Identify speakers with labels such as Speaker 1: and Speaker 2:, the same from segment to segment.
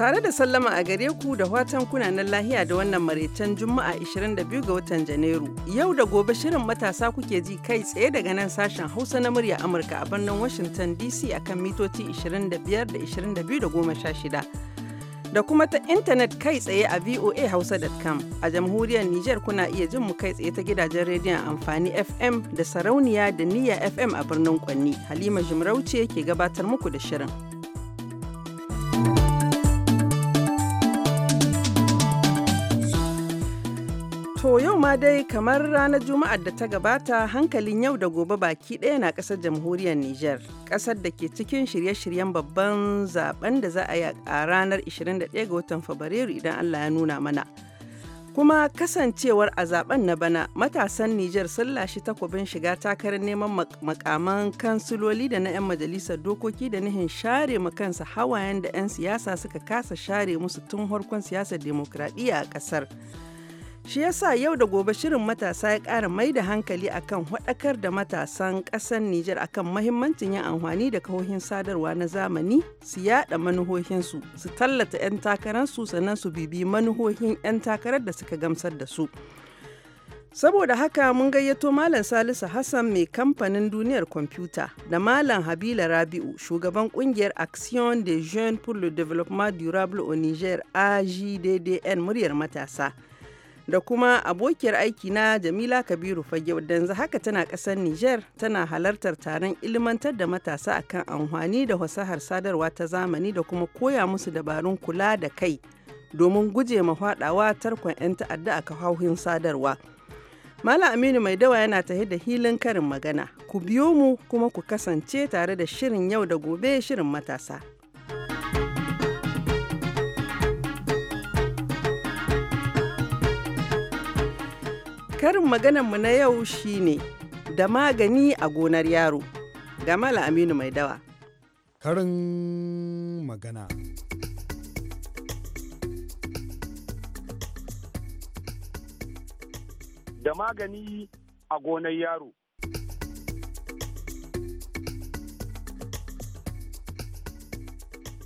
Speaker 1: Tare da sallama a gare ku da watan kunanan lahiya da wannan maraicen Juma'a 22 ga watan Janairu. Yau da gobe shirin matasa kuke ji kai tsaye daga nan sashen Hausa na murya Amurka a birnin Washington DC akan mitoci 25 da 22 da 16. Da kuma ta intanet kai tsaye a voa hausa.com a jamhuriyar niger kuna iya jin mu kai tsaye ta gidajen rediyon amfani FM da sarauniya da niyya FM a birnin Kwanni. Halima Jimarauce ke gabatar muku da shirin. To yau ma dai kamar ranar Juma'ar da ta gabata hankalin yau da gobe baki ɗaya na ƙasar jamhuriyar Nijar, ƙasar da ke cikin shirye-shiryen babban zaben da za a yi a ranar 21 ga watan Fabrairu idan Allah ya nuna mana. Kuma kasancewar a zaben na bana matasan Nijar sun lashe takobin shiga takarar neman makaman kansiloli da na 'yan majalisar dokoki da nihin share kansa hawayen da 'yan siyasa suka kasa share musu tun harkon siyasar demokradiyya a ƙasar. Shi yasa yau da gobe shirin matasa ya ƙara mai da hankali akan haɗakar da matasan ƙasar Nijar akan mahimmancin yin amfani da kahohin sadarwa na zamani su yaɗa manuhohinsu su tallata 'yan takararsu sannan su bibi manuhohin 'yan takarar da suka gamsar da su. Saboda haka mun gayyato Malam Salisu Hassan mai kamfanin duniyar kwamfuta da Malam Habila Rabi'u shugaban kungiyar Action des Jeunes pour le Développement Durable au Niger AJDDN muryar matasa. da kuma abokiyar aiki na Jamila Kabiru Fage yanzu haka tana ƙasar niger tana halartar taron ilmantar da matasa akan amfani da fasahar sadarwa ta zamani da kuma koya musu dabarun kula da kai domin guje ma faɗawa tarkon 'yan ta'adda a kafafen sadarwa. Malam Aminu Mai Dawa yana tahe da hilin karin magana. Ku biyo mu kuma ku kasance tare da shirin yau da gobe shirin matasa. Karin mu na yau shine da magani a gonar yaro. Gamala Aminu mai dawa.
Speaker 2: Karin magana.
Speaker 3: Da magani a gonar yaro.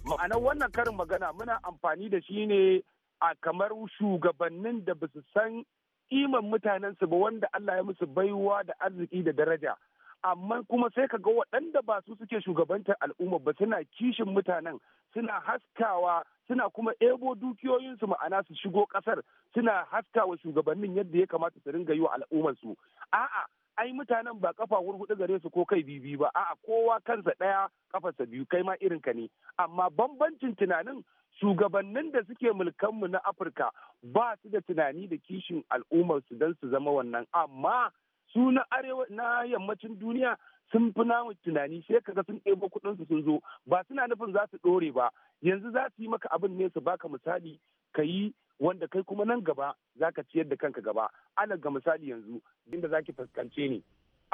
Speaker 3: ma'anar wannan karin magana muna amfani da shi ne a kamar shugabannin da ba su san iman mutanensu ba wanda Allah ya musu baiwa da arziki da daraja amma kuma sai ka ga waɗanda ba su suke shugabantar al'umma ba suna kishin mutanen suna haskawa suna kuma ebo dukiyoyinsu ma'ana su shigo ƙasar suna haskawa shugabannin yadda ya kamata su ringa yi wa al'ummarsu a'a ai mutanen ba kafa hurhuɗu gare su ko kai bibi ba a'a kowa kansa ɗaya kafarsa biyu kai ma irin ka ne amma bambancin tunanin shugabannin da suke mulkanmu na afirka ba su da tunani da kishin al'ummarsu don su zama wannan amma su na arewa na yammacin duniya sun fi namu tunani sai kaga sun ɗebo kuɗinsu sun zo ba suna nufin za su ɗore ba yanzu za su yi maka abin ne su baka misali ka yi wanda kai kuma nan gaba za ka ciyar da kanka gaba alal ga misali yanzu inda za ki fuskance ni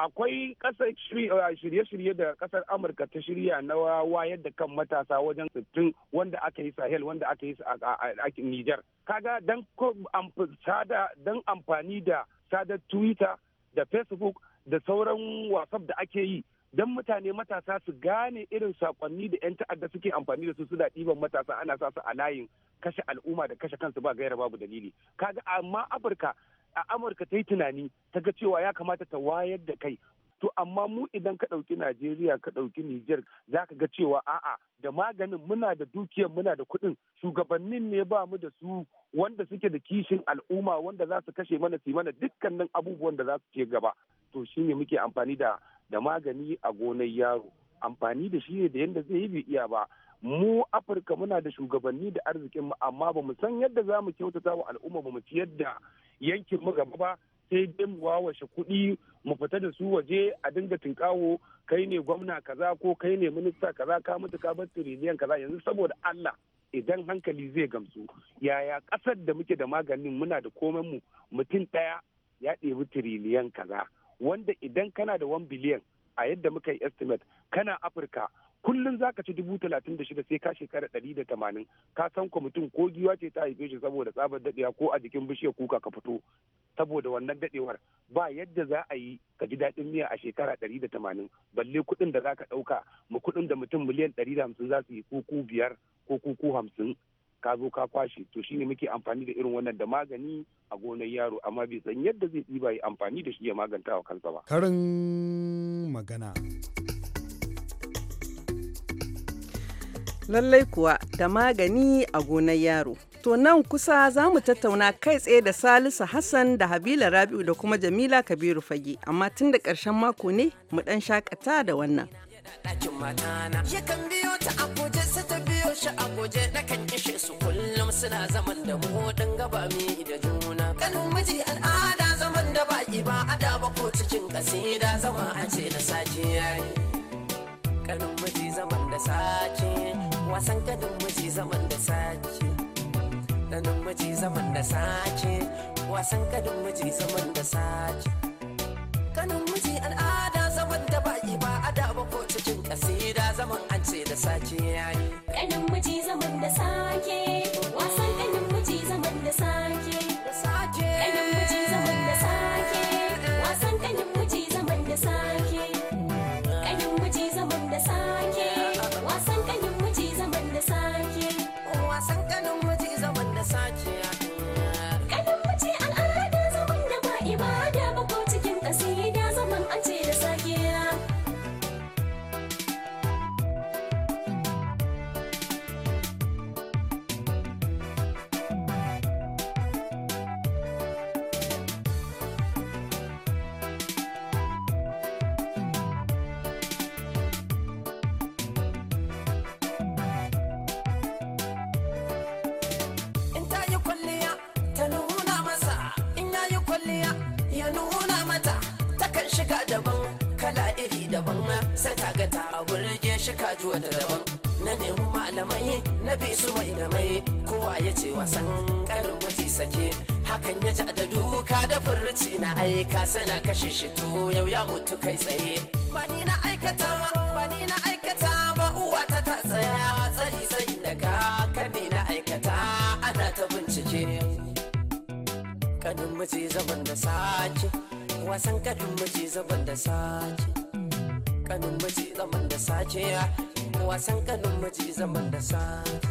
Speaker 3: akwai kasar uh, shirye-shirye da kasar amurka ta shirya na wayar da kan matasa wajen sittin wanda aka yi sahel wanda aka yi a nijar kaga don amfani da sadar twitter da facebook da sauran whatsapp da ake yi don mutane matasa su gane irin sakonni da 'yan ta'adda suke amfani da su suna ɗiban matasa ana sa su a layin kashe al'umma da kashe kansu ba gaira babu dalili kaga amma afirka a amurka ta yi tunani ta ga cewa ya kamata ta wayar da kai to amma mu idan ka ɗauki najeriya ka ɗauki niger za ka ga cewa a'a da maganin muna da dukiyar muna da kuɗin shugabannin ne ba mu da su wanda suke da kishin al'umma wanda za su kashe mana su mana dukkanin abubuwan da za su ce gaba to shine muke amfani da magani a gonar yaro amfani da shi ne da yadda zai yi bai iya ba mu afirka muna da shugabanni da arzikin mu amma ba mu san yadda za mu kyautata wa al'umma ba mu ci yadda yankin mu gaba ba sai dai mu wawashe kuɗi mu fita da su waje a dinga tinkawo kai ne gwamna kaza ko kai ne minista kaza ka mutu ka bar tiriliyan kaza yanzu saboda Allah idan hankali zai gamsu yaya ƙasar da muke da maganin muna da komai mu mutum ɗaya ya ɗebi tiriliyan kaza wanda idan kana da 1 biliyan a yadda muka yi estimate kana afirka kullum za ka ci dubu talatin da shida sai ka shekara ɗari da tamanin ka san ko mutum ko giwa ce ta haife shi saboda tsabar daɗewa ko a jikin bishiyar kuka ka fito saboda wannan daɗewar ba yadda za a yi ka ji daɗin miya a shekara ɗari da tamanin balle kuɗin da za ka ɗauka mu kuɗin da mutum miliyan ɗari da hamsin za su yi kuku biyar ko kuku hamsin ka zo ka kwashe to shine muke amfani da irin wannan da magani a gonar yaro amma bai san yadda zai ɗiba yi amfani da shi ya maganta wa kansa ba.
Speaker 2: Karin magana.
Speaker 1: Lallai kuwa da magani a gonar yaro. To nan kusa za mu tattauna kai tsaye da Salisa Hassan da Habila Rabi'u da kuma Jamila Kabiru Fage, amma tun da ƙarshen mako ne mu ɗan shakata da wannan.
Speaker 4: ɗakin matana yakan biyo ta abuja su ta biyo shi abuja na kishe su kullum suna zaman da mu dan gaba mi da juna kanin miji al'ada zaman da baki ba ada ba ko cikin kasida zama a ce da sajiya garin miji zaman da sace wasan garin miji zaman da sace garin miji zaman da sace wasan garin miji zaman da sace garin miji al'ada su mai da mai kowa ya wasan karin gwaji sake hakan ya ji da duka da furci na aika sana kashe shi to yau ya mutu kai tsaye na aikata ba ta tsaya daga kan na aikata ana ta bincike kanin mace zaman da sake wasan kanin mace zaman da sake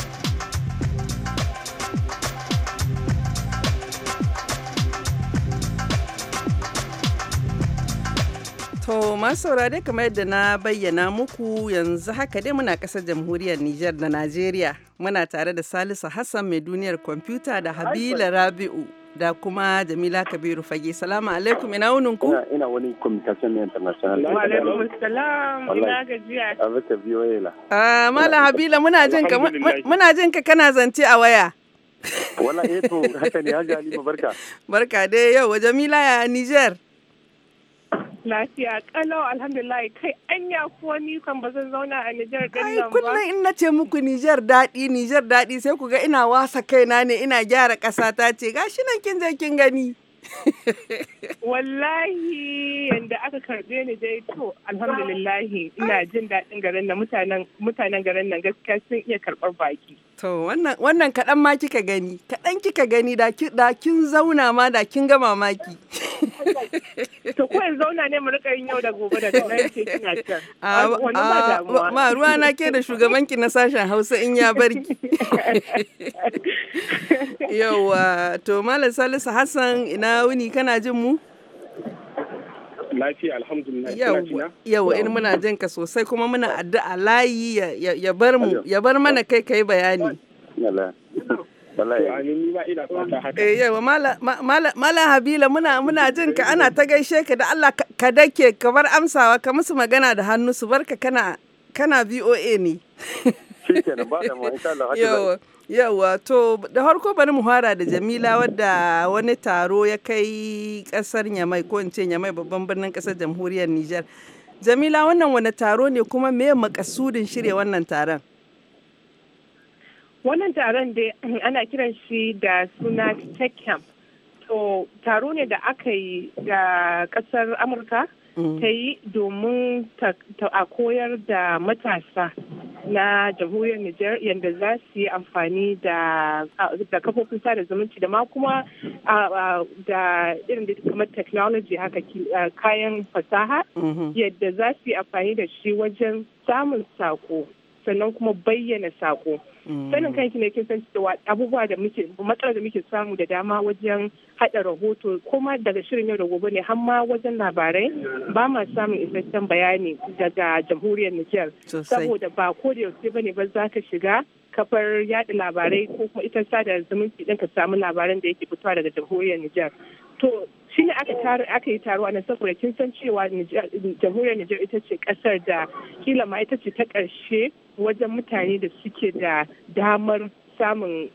Speaker 1: To masu saurare kamar yadda na bayyana muku yanzu haka dai muna kasar jamhuriyar Nijar da Najeriya. Muna tare da Salisu Hassan mai duniyar kwamfuta da Habila Rabi'u da kuma Jamila Kabiru Fage. Salamu alaikum ina wunin ku?
Speaker 5: Ina wani communication international. Wa alaikum
Speaker 1: salam ina
Speaker 5: gajiya. Abaka biyo yela.
Speaker 1: Ah, Mala Habila muna jin ka muna jin ka kana zance a waya.
Speaker 3: Wala eh to haka ne Hajji barka.
Speaker 1: Barka dai yau Jamila ya Nijar.
Speaker 6: Lafiya kalau alhamdulillah kai anya kuwa ni ba zan zauna a Nijar din nan ba. Kullum
Speaker 1: in nace muku Nijar daɗi Nijar daɗi sai ku ga ina wasa kaina ne
Speaker 6: ina gyara ƙasa ta ce gashi nan kin je kin gani. Wallahi yanda aka karbe ni dai to alhamdulillah ina jin daɗin garin nan mutanen garin nan gaskiya sun iya karɓar baki. To wannan kaɗan ma kika gani,
Speaker 1: kaɗan kika gani da kin zauna ma da kin ga mamaki.
Speaker 6: To ko in zauna ne mu rika yin yau da gobe da ce kina can. Ma
Speaker 1: ruwa na ke da shugabanki na sashen Hausa in ya bar ki. Yauwa, to Malam Salisu Hassan ina wuni kana jin mu?
Speaker 2: lafiya alhamdulillah yawa in
Speaker 1: muna jin ka sosai kuma muna addu'a layi ya bar mana kai kai bayani eh, yawa mala habila muna muna jin ka ana ta gaishe ka da Allah ka dake ka bar amsawa ka musu magana da hannu su barka kana kana BOA ne
Speaker 3: shikenan
Speaker 1: to da harko bari mu fara da Jamila wadda wani taro ya kai kasar Nyamai ko in ce Nyamai babban birnin kasar jamhuriyar Niger Jamila wannan wani taro ne kuma me makasudin shirya wannan taron
Speaker 6: wannan taron da ana kiran shi da suna tech camp to taro ne da aka yi da kasar amurka ta yi domin a koyar da matasa na jamhuriyar Nijar yadda za su yi amfani da kafofin sada zumunci da ma kuma da irin da kamar technology haka kayan fasaha mm-hmm. yadda za su yi amfani da shi wajen samun sako sannan kuma bayyana sako mm. sanin kanki ne kin san cewa abubuwa da muke matsalar da muke samu da dama wajen haɗa rahoto kuma daga shirin yau da gobe ne har ma wajen labarai ba ma samun isasshen bayani daga jamhuriyar Nijar saboda ba ko da yaushe ba ne ba za ka shiga kafar yada labarai ko kuma ita sada zumunci din ka samu labaran da yake fitowa daga jamhuriyar Nijar to shi ne aka yi taro a nan saboda kin san cewa jamhuriyar Nijar ita ce kasar da kila ma ita ce ta ƙarshe wajen mutane da suke da damar samun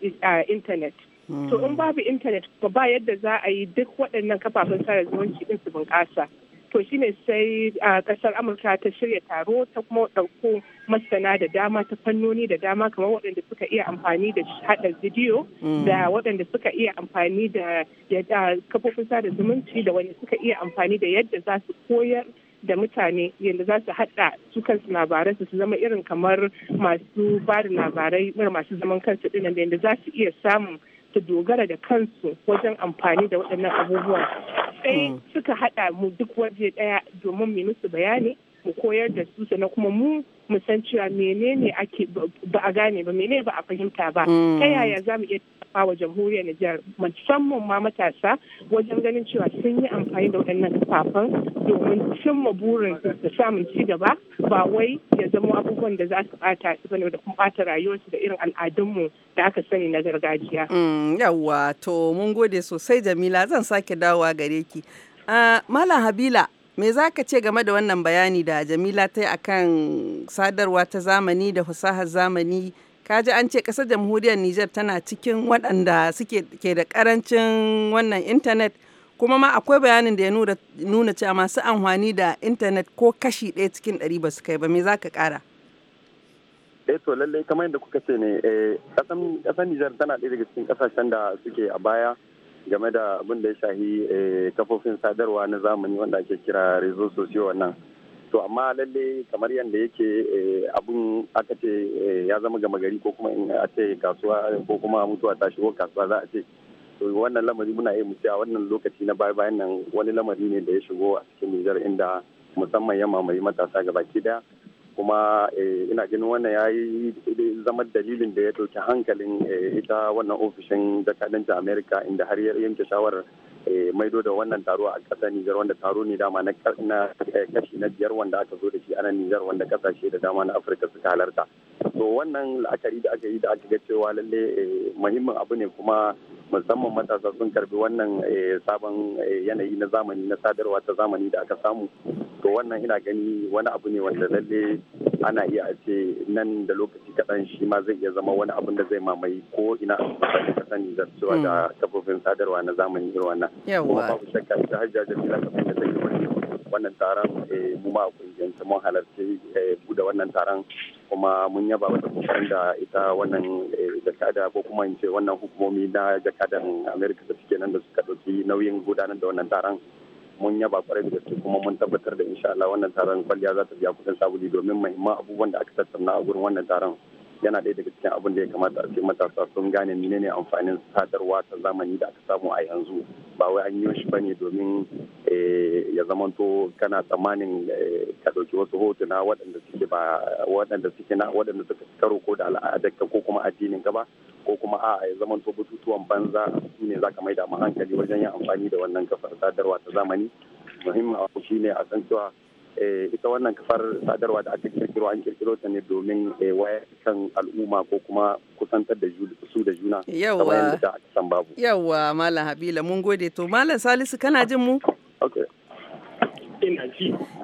Speaker 6: intanet. To in hmm. babu intanet ba yadda za a yi duk waɗannan kafafen sada zumunci din su bunƙasa. to shine sai a kasar amurka ta shirya taro ta kuma ɗauko masana da dama ta fannoni da dama kamar waɗanda suka iya amfani da haɗa bidiyo mm. da waɗanda suka iya amfani da kafofin sada zumunci da wani suka iya amfani da yadda za su koyar da mutane yadda za su haɗa su kansu labaran su zama irin kamar masu ba da labarai masu zaman kansu ɗinan yadda za su iya samun su dogara da kansu wajen amfani da waɗannan abubuwan sai hmm. suka haɗa mu duk waje ɗaya domin mu musu bayani mu koyar da su sannan kuma mu mu san cewa menene ake ba a gane ba menene ba a fahimta ba mm. ta yaya za mu iya tafa wa jamhuriyar Nijar musamman ma matasa wajen ganin cewa sun yi amfani da waɗannan kafafen domin cimma burin da samun ci gaba ba wai ya zama abubuwan da za su bata su bane da kuma bata rayuwarsu da irin al'adunmu da aka sani na gargajiya. Mm,
Speaker 1: Yawwa to mun gode sosai Jamila zan sake dawowa gare ki. Ah, Malam Habila Me za ka ce game da wannan bayani da Jamila ta yi akan sadarwa ta zamani da fasahar zamani? Kaji an ce ƙasar jamhuriyar Nijar tana cikin waɗanda suke ke da ƙarancin wannan intanet kuma ma akwai bayanin da ya nuna cewa masu amfani da intanet ko kashi ɗaya cikin ɗari ba su kai ba me za ka ƙara?
Speaker 5: eh to lallai kamar yadda kuka ce ne eh, ƙasar Nijar tana ɗaya daga cikin ƙasashen da suke a baya game da abin da ya shahi eh, kafofin sadarwa na zamani wanda ake kira rezo sosiyo wannan to amma lalle kamar yadda yake eh, abun aka ce eh, ya zama gama gari ko kuma in a ce kasuwa ko kuma mutuwa ta shigo kasuwa za a ce to wannan lamari muna iya mutu a wannan lokaci na baya bayan nan wani lamari ne da ya shigo a cikin nijar inda musamman ya mamaye matasa gabaki daya kuma eh, ina ganin wannan ya yi zama dalilin da ya ɗauki hankalin eh, ita wannan ofishin jakadancin amerika inda har ya yanke shawarar Eh, maido da wannan taro a ƙasar Nijar wanda taro ne dama na eh, kashi na biyar wanda aka zo da shi ana Nijar wanda kasashe da dama na Afirka suka halarta. To wannan la'akari da aka yi da aka ga cewa lalle eh, muhimmin abu ne kuma musamman matasa sun karbi wannan sabon yanayi na zamani na sadarwa ta zamani da aka samu. To wannan ina gani wani abu ne wanda lalle ana iya a ce nan da lokaci kaɗan shi ma zai iya zama wani abin da zai mamaye ko ina a ƙasar Nijar cewa da hmm. kafofin sadarwa na zamani irin wannan. Yawwa. Babu shakka ita hajjar jamila kamar da zai wani wannan taron eh, mu ma a ta mun halarci eh, buɗe wannan taron kuma mun yaba wata kusan da ita wannan eh, jakada ko kuma in ce wannan hukumomi na jakadan Amerika da suke nan da suka ɗauki nauyin gudanar da wannan taron. mun yaba kwarai da gaske kuma mun tabbatar da insha Allah wannan taron kwalliya za ta biya kudin sabuli domin muhimman abubuwan da aka tattauna a gurin wannan taron yana ɗaya daga cikin abin da ya kamata a ce matasa sun gane ne amfanin sadarwa ta zamani da aka samu a yanzu ba wai an yi shi bane domin eh, ya zamanto kana tsammanin eh, ka ɗauki wasu hotuna waɗanda suke ba waɗanda suke na waɗanda suka karo ko da al'adarka ko kuma addinin ka ba ko kuma a ya zama to bututuwan banza su ne za ka maida mu hankali wajen yin amfani da wannan kafar sadarwa ta zamani muhimmin abu shine a san cewa eh, ita wannan kafar sadarwa da aka kirkiro an kirkiro ta ne domin eh, wayar kan al'umma ko kuma kusantar da su da juna yawa
Speaker 1: yawa malam habila mun gode to malam salisu kana jin mu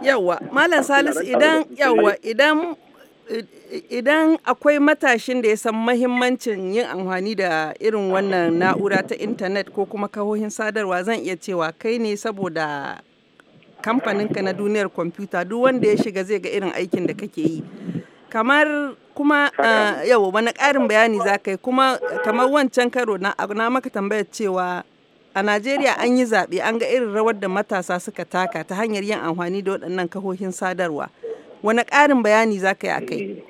Speaker 1: yawa malam salisu idan yawa idan idan akwai matashin da ya san mahimmancin yin amfani da irin wannan na'ura ta intanet ko kuma kahohin sadarwa zan iya cewa kai ne saboda kamfaninka na duniyar kwamfuta duk wanda ya shiga zai ga irin aikin da kake yi kamar kuma uh, ah, yau wani karin bayani za ka yi kuma kamar wancan karo na, na maka tambayar cewa a najeriya an yi zaɓe an ga irin rawar da matasa suka taka ta hanyar yin amfani da waɗannan kahohin sadarwa wani ƙarin bayani za ka yi a kai eh.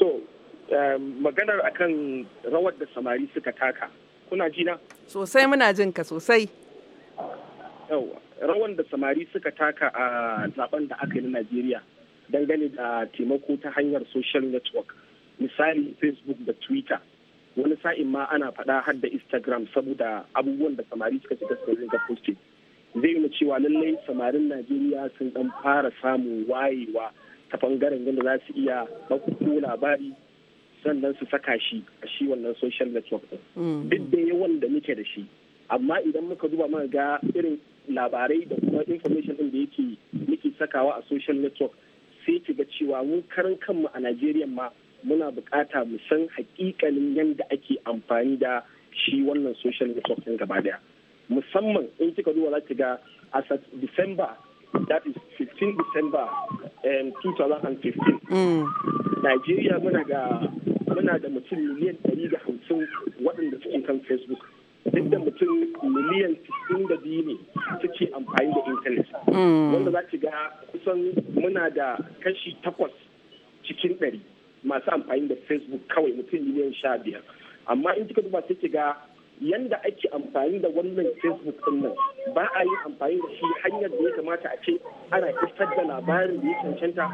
Speaker 2: to eh, maganar akan rawar da samari suka taka kuna jina
Speaker 1: sosai muna jin ka sosai
Speaker 2: rawan da samari suka taka a zaben da aka yi na najeriya dangane da taimako ta hanyar social network misali facebook da twitter wani sa'in ma ana faɗa har da instagram saboda abubuwan da samari suka shiga suka ringa posting zai yi cewa lallai samarin najeriya sun dan fara samun wayewa ta bangaren yadda za su iya ɗauko labari sannan su saka shi a shi wannan social network din
Speaker 5: mm. duk da
Speaker 2: yawan da muke da shi amma idan muka duba muka ga irin labarai da kuma information ɗin da yake muke sakawa a social network sai ki ga cewa mun karan kanmu a najeriya ma muna bukata mu san hakikalin yadda ake amfani da shi wannan social network din gaba daya musamman in kika duba za ki ga as December that is 15 December um, 2015 mm. Nigeria muna ga muna da mutum miliyan 150 waɗanda suke kan Facebook duk da mutum miliyan 62 ne suke amfani da internet. Mm. wanda za ki ga kusan muna da kashi takwas cikin ɗari masu amfani da facebook kawai mutum miliyan sha biyar amma in kika duba sai ki ga yanda ake amfani da wannan facebook din nan ba a yi amfani da shi hanyar da ya kamata a ce ana isar da labarin da ya cancanta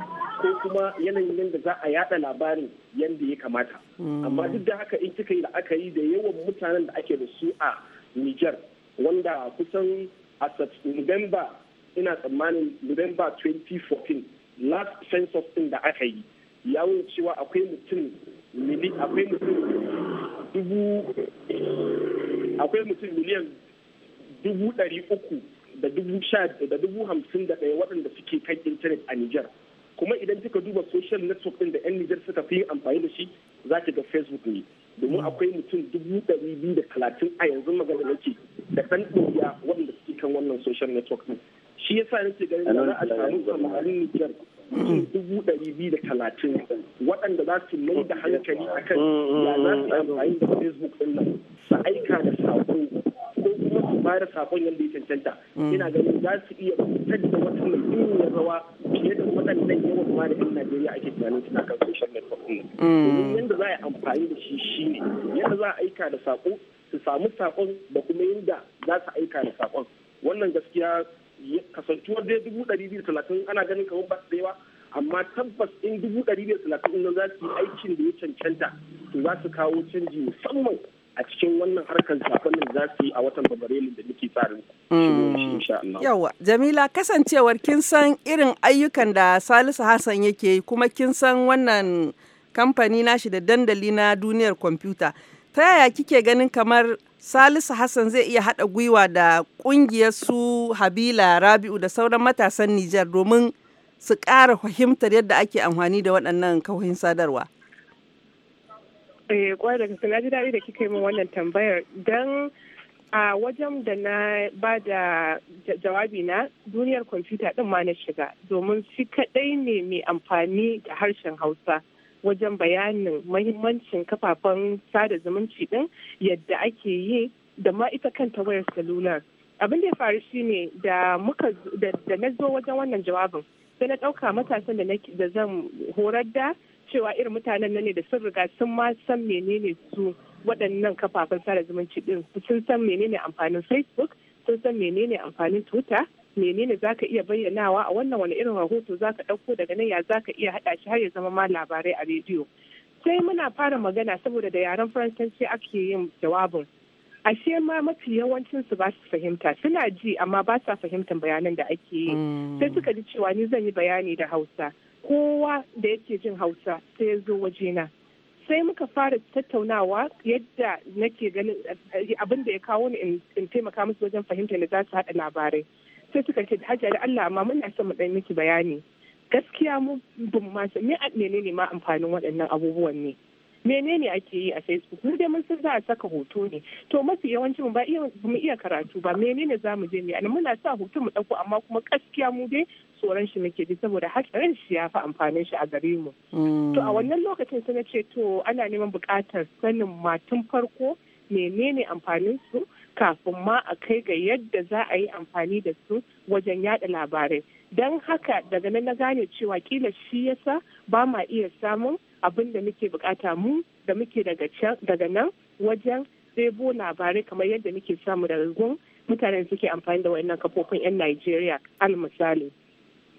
Speaker 2: ko kuma yanayin yanda za a yada labarin yanda ya kamata
Speaker 5: hmm. amma duk
Speaker 2: da haka in kika yi yi da yawan mutanen da ake da su a niger wanda kusan a november ina tsammanin november 2014 last census din da aka yi ya cewa akwai mutum akwai mutum dubu akwai mutum miliyan dubu ɗari uku da dubu hamsin da ɗaya waɗanda suke kan intanet a Nijar. Kuma idan kika duba social network ɗin da 'yan Nijar suka fi yin amfani da shi za ki ga Facebook ne. Domin akwai mutum dubu ɗari biyu da talatin a yanzu magana nake da ɗan ɗoriya waɗanda suke kan wannan social network ɗin. Shi yasa nake ganin da za a samu samarin Nijar
Speaker 5: dubu
Speaker 2: ɗari biyu da talatin waɗanda za su mai da hankali akan ya za su amfani da facebook ɗin nan su aika da saƙo ko kuma su da saƙon yadda ya cancanta mm. ina ganin za su iya fitar da wata muhimmiyar rawa fiye da waɗannan yawan ma da ɗin Najeriya ake tunanin suna kan social network ɗin mm. domin yadda za a yi amfani da shi shine yadda za a aika da saƙo su samu saƙon da kuma yadda za su aika da saƙon wannan gaskiya kasantuwar dai dubu ɗari biyu talatin ana ganin kamar ba da yawa amma tabbas in dubu ɗari biyu talatin nan za su yi aikin da ya cancanta to za su kawo canji musamman a cikin wannan harkar zaben da za su yi a watan fabrairu da muke tsarin hmm.
Speaker 1: yawa jamila kasancewar kin san irin ayyukan da salisu hassan yake yi kuma kin san wannan kamfani nashi da dandali na duniyar kwamfuta ta yaya kike ganin kamar Salisu Hassan zai iya haɗa gwiwa da ƙungiyar su Habila Rabi'u da sauran matasan Nijar domin su ƙara fahimtar yadda ake amfani da waɗannan kauhin sadarwa.
Speaker 6: Eh, da na ji daɗi da kika yi min wannan tambayar don a wajen da na ba da jawabi na duniyar kwamfuta ɗin ma na shiga domin shi kaɗai ne mai amfani da harshen Hausa. wajen bayanin mahimmancin kafafen sada zumunci din yadda ake yi da ma ita kanta wayar salular abin da ya faru shine da muka da na zo wajen wannan jawabin sai na ɗauka matasan da da zan horar da cewa irin mutanen nan ne da sun riga sun ma san menene su waɗannan kafafen sada zumunci din sun san menene amfanin facebook sun san menene amfanin twitter menene za ka iya bayyanawa a wannan wani irin rahoto za ka ɗauko daga nan ya za ka iya haɗa shi har ya zama ma labarai a rediyo sai muna fara magana saboda da yaren faransanci ake yin jawabin ashe ma mafi yawancin su ba su fahimta suna ji amma ba sa fahimtar bayanan da ake yi mm. sai suka ji cewa ni zan yi bayani da hausa kowa da yake jin hausa sai ya zo wajena sai muka fara tattaunawa yadda nake ganin eh, abin ya kawo ni in taimaka musu wajen fahimta da za su haɗa labarai sai suka ce hajji da Allah amma muna son mu dan miki bayani gaskiya mu bin ma me menene ma amfanin waɗannan abubuwan ne menene ake yi a facebook mun dai mun san za a saka hoto ne to mafi yawanci mu ba iya mu iya karatu ba menene za mu je mu muna sa hoto mu ɗauko amma kuma gaskiya mu dai tsoron shi muke ji saboda hatsarin shi ya fi amfanin shi a gare mu
Speaker 1: mm. to a wannan
Speaker 6: lokacin sai na ce to ana neman buƙatar sanin matun farko menene amfanin su kafin ma a kai ga yadda za a yi amfani da su wajen yada labarai don haka daga nan na gane cewa kila shi yasa ba ma iya samun abin da muke bukata mu da muke daga nan wajen ɗebo labarai kamar yadda muke samu daga gun mutanen suke amfani da wayannan kafofin 'yan Najeriya al misali.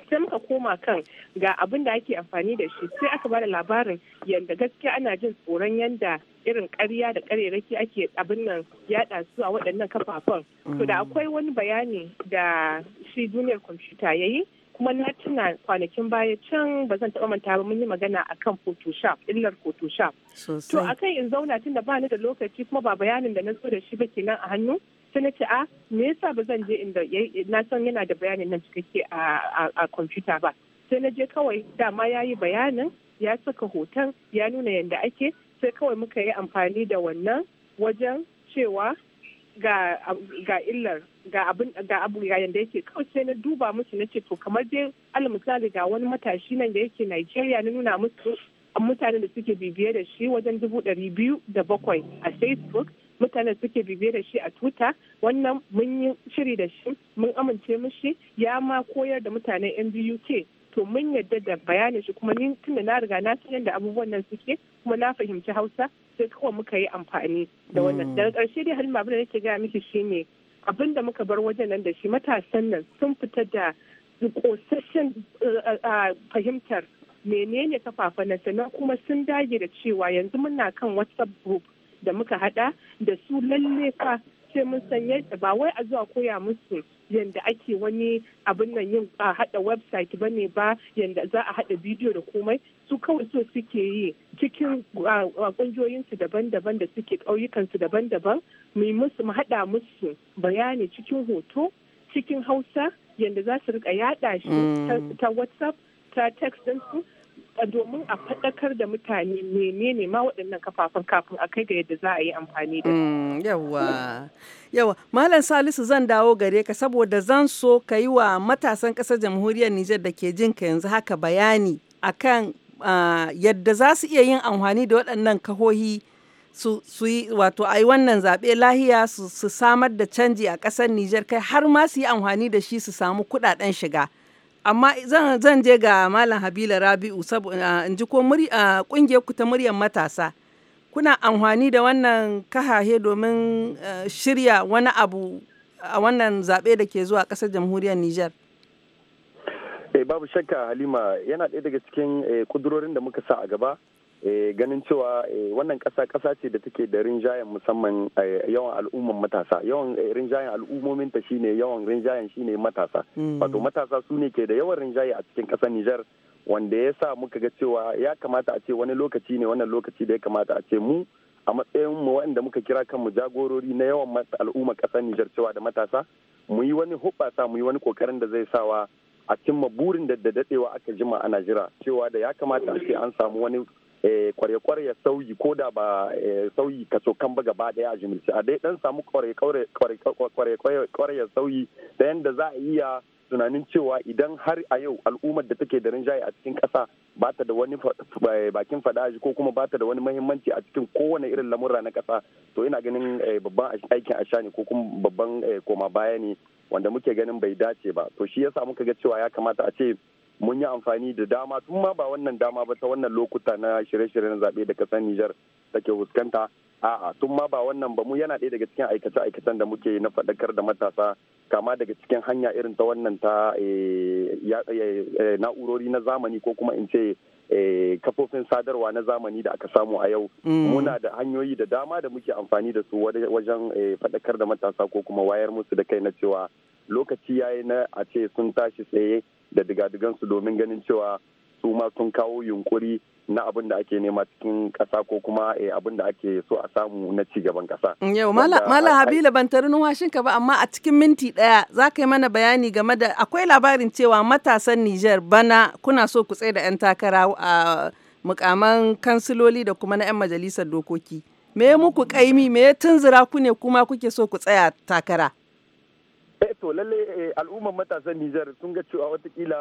Speaker 6: sai muka koma kan ga abin da ake amfani da shi sai aka bada labarin yadda gaskiya ana jin tsoron yadda irin karya da ƙarerake ake abin nan yaɗa su a waɗannan kafafen to da mm. akwai wani bayani da shi duniyar kwamfuta ya yi kuma na tuna kwanakin baya can ba zan taɓa manta ba mun yi magana akan photoshop illar photoshop to a kan in zauna tun ba ni da lokaci kuma ba bayanin da na zo da shi ba kenan a hannu sai na ce a ah, me yasa ba zan je inda na san yana da bayanin nan cikakke a kwamfuta ba sai na je kawai dama ya yi bayanin ya saka hoton ya nuna yadda ake sai kawai muka yi amfani da wannan wajen cewa ga illar ga abin ga abu ga yanda yake kawai sai na duba musu na ce to kamar dai ala misali ga wani matashi nan da yake Najeriya na nuna musu mutanen da suke bibiye da shi wajen dubu ɗari biyu da bakwai a Facebook mutanen suke bibiye da shi a tuta wannan mun yi shiri da shi mun amince mishi ya ma koyar da mutanen NBUK to mun yadda da bayanin shi kuma ni tunda na riga na san yadda abubuwan nan suke kuma na fahimci Hausa sai kawai muka yi amfani da wannan mm. daga ƙarshe dai halima abin da nake gaya miki shine abin da muka bar wajen nan da shi matasan nan sun fita da kosasshen eh, eh, ah, fahimtar menene kafafen nan sannan kuma sun dage da cewa yanzu muna kan whatsapp group da muka hada da su lalle fa ce mun san yadda ba wai a zuwa koya musu yadda ake wani abin nan yin a haɗa website ba ne ba yadda za a haɗa bidiyo da komai su kawai so suke yi cikin ƙungiyoyinsu daban-daban da suke ƙauyukansu daban-daban mu musu mu hada musu bayani cikin hoto cikin hausa yadda za su riƙa yaɗa shi mm. ta whatsapp ta text ɗinsu domin a faɗakar da mutane menene ma waɗannan kafafen kafin a kai ga yadda za a yi amfani da mm,
Speaker 1: yawa yawa malam salisu zan dawo gare ka saboda zan so ka yi wa matasan ƙasar jamhuriyar nijar da ke jin ka yanzu haka bayani akan ah, yadda za su iya yin amfani da waɗannan kahohi su yi wato a wannan zaɓe lahiya su samar da canji a ƙasar nijar kai har ma su yi amfani da shi su samu kuɗaɗen shiga. amma zan zan je ga malam habila rabi'u saboda in ji ko murya kungiyar ku ta muryar matasa kuna amfani da wannan kahahe domin shirya wani abu a wannan zaɓe da ke zuwa ƙasar jamhuriyar niger
Speaker 5: eh, babu shakka halima yana ɗaya daga cikin kudurorin eh, da muka sa a gaba Eh, ganin cewa eh, wannan ƙasa ƙasa ce da take da rinjayen musamman eh, yawan al'umman matasa yawan rinjayen al'ummomin ta shine yawan rinjayen shine matasa mm. wato matasa su ne ke da yawan rinjaye a cikin ƙasar Nijar wanda ya sa muka ga cewa ya kamata a ce wani lokaci ne wannan lokaci da ya kamata a ce mu a matsayin mu wanda muka kira kanmu jagorori na yawan al'umma ƙasar Nijar cewa da matasa mu yi wani hubbasa mu yi wani kokarin da zai sawa a cimma burin da da dadewa aka jima a jira cewa da ya kamata a ce an samu wani Eh, kwarya ya sauyi ko da ba eh, sauyi kaso kan ba gaba daya a jimilci a dai dan samu kwarya ya sauyi ta yadda za a iya tunanin cewa idan har a yau al'ummar da take da rinjaye a cikin kasa ba ta da wani eh, bakin fadaji ko kuma ba ta da wani mahimmanci a cikin kowane irin lamurra na kasa to ina ganin babban aikin asha ne ko kuma babban koma baya ne wanda muke ganin bai dace ba to shi yasa muka ga cewa ya kamata a ce mun yi amfani da dama tun ma ba wannan dama ba ta wannan lokuta na shirye-shiryen zaɓe da ƙasar Nijar take fuskanta a'a tun ma ba wannan ba mu yana ɗaya daga cikin aikace-aikacen da muke na faɗakar da matasa kama daga cikin hanya irin ta wannan ta eh, eh, eh, na'urori na zamani ko kuma in ce kafofin sadarwa na zamani da aka samu a yau mm. muna da hanyoyi da dama da muke amfani da su wajen faɗakar da matasa ko kuma wayar musu da kai na cewa lokaci yayi na a ce sun tashi tsaye da digadigansu domin ganin cewa su ma sun kawo yunkuri na abin da ake nema cikin ƙasa ko kuma eh, abin da ake so a samu na ci gaban ƙasa. Yau, Mala Habila
Speaker 1: ban tari numfashinka ba, amma a cikin minti ɗaya za ka yi mana bayani game da akwai labarin cewa matasan Nijar bana kuna so ku da 'yan takara a mukaman kansiloli da kuma na 'yan majalisar dokoki. Me muku kaimi, me tunzura ku ne kuma kuke so ku tsaya takara?
Speaker 5: eh to lalle eh, al'ummar matasan Nijar sun ga cewa watakila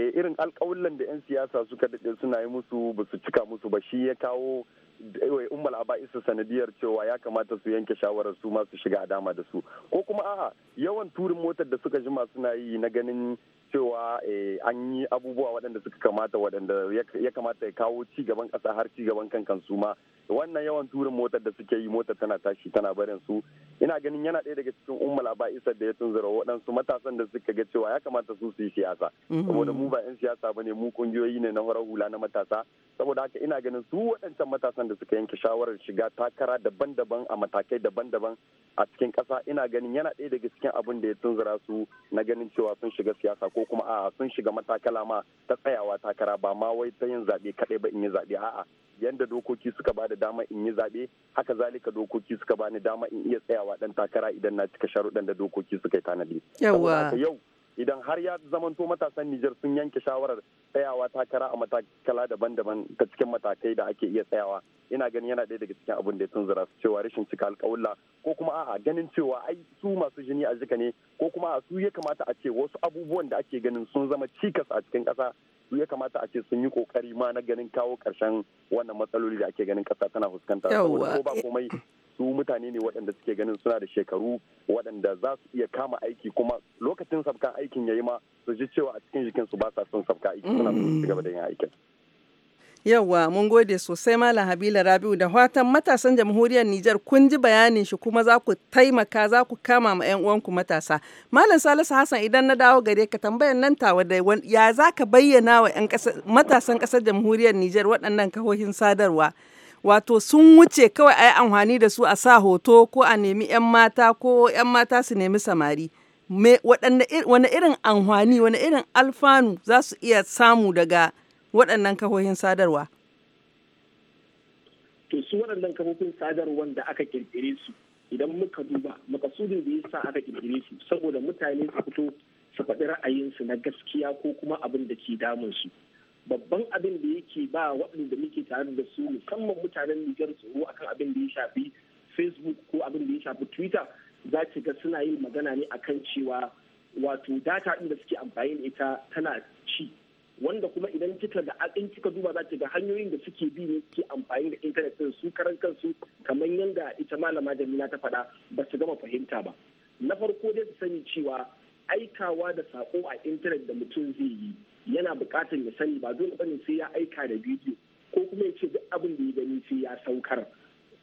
Speaker 5: eh, irin alkawullan da 'yan siyasa suka daɗe suna yi musu ba su cika musu ba shi ya kawo Eh, ummal aba isa sanadiyar cewa ya kamata su yanke shawarar su masu shiga a dama da su ko kuma a'a yawan turin motar da suka jima suna yi na ganin cewa eh, an yi abubuwa waɗanda suka kamata waɗanda ya kamata ya kawo ci gaban ƙasa har ci gaban kankan su ma wannan yawan turin motar da suke yi motar tana tashi tana barin su ina ganin yana ɗaya daga cikin ummal aba isar da ya tunzura waɗansu matasan da suka ga cewa ya kamata su su yi siyasa mm-hmm. saboda mu ba 'yan siyasa ba ne mu kungiyoyi ne na horar hula na matasa saboda haka ina ganin su waɗancan matasan wanda suka yanke shawarar shiga takara daban-daban a matakai daban-daban a cikin ƙasa ina ganin yana ɗaya daga cikin abin da ya tunzura su na ganin cewa sun shiga siyasa ko kuma a sun shiga matakala ma ta tsayawa takara ba ma wai ta yin zaɓe kaɗai ba in yi zaɓe a'a yanda dokoki suka ba da dama in yi zaɓe haka zalika dokoki suka bani dama in iya tsayawa ɗan takara idan na cika sharuɗan da dokoki suka yi tanadi. Yau idan har ya zamanto matasan Nijar sun yanke shawarar tsayawa takara a matakala daban-daban ta cikin matakai da ake iya tsayawa ina ganin yana ɗaya daga cikin abin da ya tunzura su cewa rashin cika alƙawulla ko kuma a ganin cewa ai su masu jini a jika ne ko kuma a su ya kamata a ce wasu abubuwan da ake ganin sun zama cikas a cikin ƙasa su ya kamata a ce sun yi kokari ma na ganin kawo ƙarshen wannan matsaloli da ake ganin ƙasa tana fuskanta saboda ko ba komai su mutane ne waɗanda suke ganin suna da shekaru waɗanda za su iya kama aiki kuma lokacin sabka aikin ya yi ma su ji cewa a cikin jikinsu ba sa son sabka aiki suna su mm. gaba da yin aikin.
Speaker 1: Yawwa mun gode sosai Malam Habila Rabiu da fatan matasan jamhuriyar Nijar kun ji bayanin shi kuma za ku taimaka za ku kama ma 'yan uwanku matasa. Malam Salisu Hassan idan na dawo gare ka tambayar nan tawa da ya za ka bayyana wa matasan ƙasar jamhuriyar Nijar waɗannan kahohin sadarwa wato sun wuce kawai a yi amfani da su a sa hoto ko a nemi 'yan mata ko 'yan mata su nemi samari wani irin amfani wani irin alfanu za su iya samu daga waɗannan kahohin sadarwa
Speaker 2: to su waɗannan kafofin sadarwar da aka ƙirƙire su idan muka duba makasudin da yasa aka ƙirƙire su saboda mutane su fito su faɗi ra'ayinsu na gaskiya ko kuma abin da ke damun su babban abin da yake ba waɗanda muke tare da su musamman mutanen Nijar tsoro akan abin da ya shafi Facebook ko abin da ya shafi Twitter za ki ga suna yin magana ne akan cewa wato data ɗin da suke amfani da ita tana ci wanda kuma idan kika da in kika duba za ki ga hanyoyin da suke bi ne suke amfani da intanet ɗin su karan kansu kamar yadda ita malama Jamila ta faɗa ba su gama fahimta ba na farko dai su sani cewa aikawa da sako a intanet da mutum zai yi yana bukatar ya sani ba dole bane sai ya aika da bidiyo ko kuma ya ce duk abin da ya gani sai ya saukar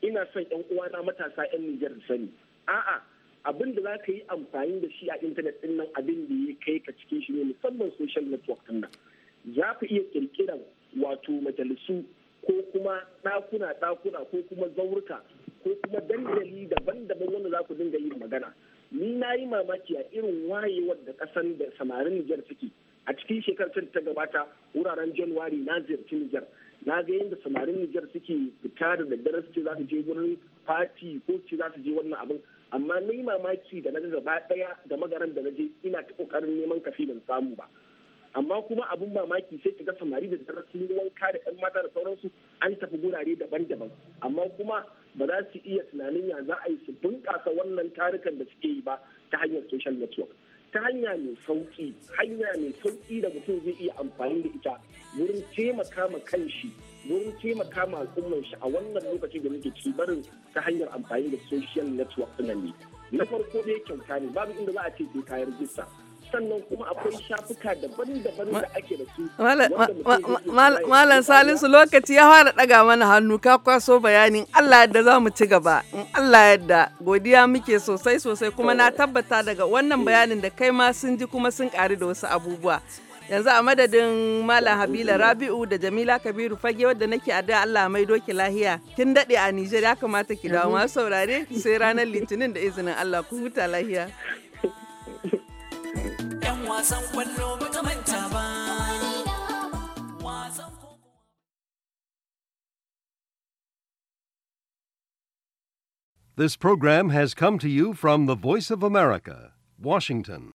Speaker 2: ina son yan uwana matasa yan Nijar su sani a'a abin da za ka yi amfani da shi a intanet din nan abin da ya kai ka cikin shi ne musamman social network din nan za ku iya kirkirar wato majalisu ko kuma ɗakuna ɗakuna ko kuma zaurka ko kuma dandali daban-daban wanda za ku dinga yin magana ni na yi mamaki a irin wayewar da ƙasan da samarin Nijar suke a cikin shekarar ta gabata wuraren januwari na ziyarci nijar na ga yadda samarin nijar suke fita da daddare su za su je wurin fati ko ce za su je wannan abin amma na yi mamaki da na gaba daya da magaran da na je ina ta kokarin neman kafi ban samu ba amma kuma abin mamaki sai ka ga samari da daddare sun yi wanka da yan mata da sauransu an tafi gurare daban-daban amma kuma ba za su iya tunanin ya za a yi su bunƙasa wannan tarukan da suke yi ba ta hanyar social network ta hanya mai sauki hanya mai sauki da mutum zai iya amfani da ita wurin taimaka ma kanshi wurin taimaka ma al'ummar shi a wannan lokacin da muke kibarin barin ta hanyar amfani da social network na ne na farko dai kyauta ne babu inda za a ce kayan gista. sannan kuma akwai shafuka daban-daban da ake da su.
Speaker 1: Malam Salisu lokaci ya fara daga mana hannu ka kwaso bayanin Allah yadda za mu ci gaba in Allah yadda godiya muke sosai sosai kuma na tabbata daga wannan bayanin da kai ma sun ji kuma sun ƙari da wasu abubuwa. yanzu a madadin malam habila rabi'u da jamila kabiru fage wadda nake a allah mai doki lahiya kin daɗe a nijar ya kamata ki dawo masu saurare sai ranar litinin da izinin allah ku huta lahiya
Speaker 4: wasan kwallo manta ba
Speaker 5: This program has come to you from the Voice of America, Washington.